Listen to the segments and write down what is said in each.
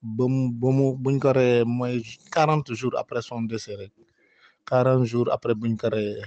40 jours après son décès. 40 jours après son décès. 40 jours, 40e jour,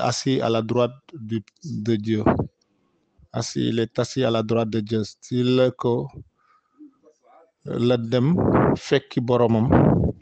assis à la droite de, Dieu. Assis, il est assis à la droite de Dieu. Il est assis à la droite de Dieu.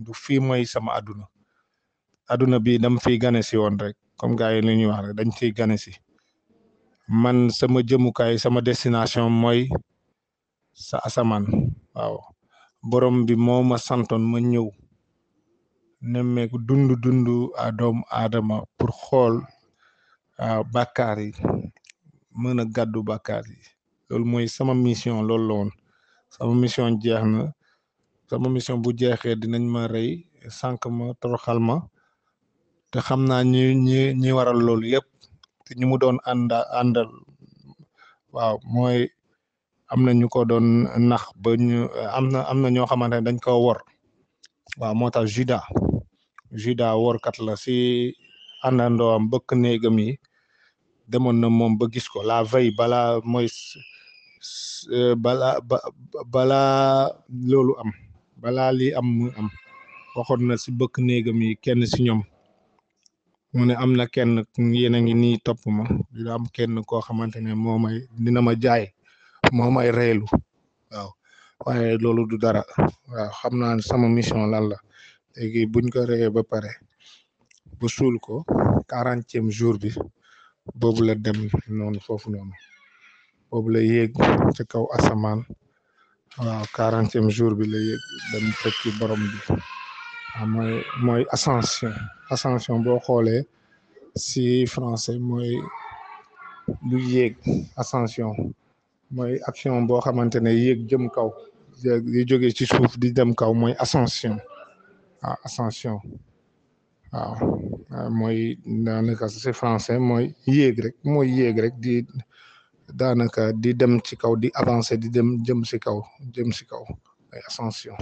du fii mooy sama àdduna àdduna bi dama fi gane si woon rek comme gars yi li ñuy wax rek dañ fiy gane si man sama jëmukaay sama destination mooy sa asamaan waaw borom bi moo ma santoon ma ñëw nemmeeku dund dund a doomu aadama pour xool bàkkaar yi mën a gàddu bàkkaar yi loolu mooy sama mission loolu la sama mission jeex na sama mission bu jeexee dinañ ma reuy sank ma toroxal ma te xamna ñi ñi ñi waral lool yépp te ñi mu doon anda andal waaw moy amna ñu ko doon nax ba ñu amna amna ño na dañ ko wor waaw motax juda juda juda kat la si àndandoo am bëkk neegam yi demon na mom ba gis ko la veille bala moy bala bala lolu am balaa lii am mu am waxoon na si bëkk néegam yi kenn si ñoom mu ne am na kenn yéen a ngi nii topp ma dina am kenn koo xamante ne moo may dina ma jaay moo may reelu waaw waaye loolu du dara waaw xam naa ne sama mission lan la léegi buñ ko reyee ba pare ba suul ko quarantième jour bi boobu la dem noonu foofu noonu boobu la yéeg ci kaw asamaan 40 e jour bi dem borom ah, ascension ascension bo xolé si français moy lu est ascension Moy action bo à maintenir kaw di ci di ascension ah, ascension ah, français rek daanaka di dem ci kaw di avancer di dem jëm si kaw jëm si kaw ay ascension